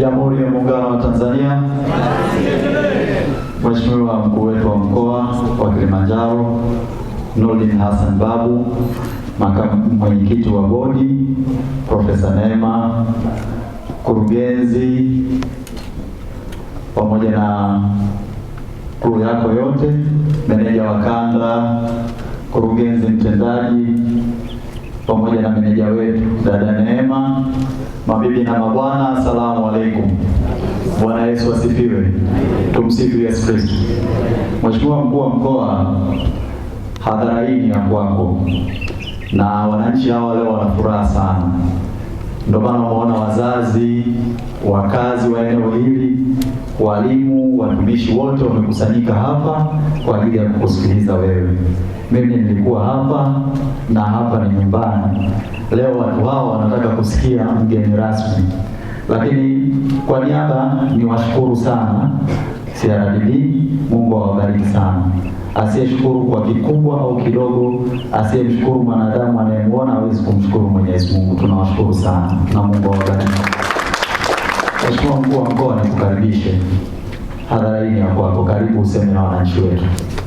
Jamhuri ya Muungano wa Tanzania, Mheshimiwa mkuu wetu wa mkoa wa Kilimanjaro Nurdin Hassan Babu, makamu mwenyekiti wa bodi Profesa Neema, mkurugenzi pamoja na kuru yako yote, meneja wa kanda, mkurugenzi mtendaji pamoja na meneja wetu dada Neema, mabibi na mabwana, asalamu alaykum asifiwe. Tumsifu Yesu Kristo. Mheshimiwa mkuu wa mkoa, hadhara hii ni ya kwako, na wananchi hawa leo wana furaha sana, ndio maana umeona wazazi, wakazi wa eneo hili, walimu, watumishi wote wamekusanyika hapa kwa ajili ya kukusikiliza wewe. Mimi nilikuwa hapa na hapa ni nyumbani. Leo watu hawa wanataka kusikia mgeni rasmi lakini kwa niaba washukuru sana CRDB, Mungu awabariki sana. Asiyeshukuru kwa kikubwa au kidogo, asiyemshukuru mwanadamu anayemwona hawezi kumshukuru Mwenyezi Mungu. Tunawashukuru sana na Mungu awabariki. Mheshimiwa Mkuu wa Mkoa, nikukaribishe hadhara hii ya kwako. Karibu useme na wananchi wetu.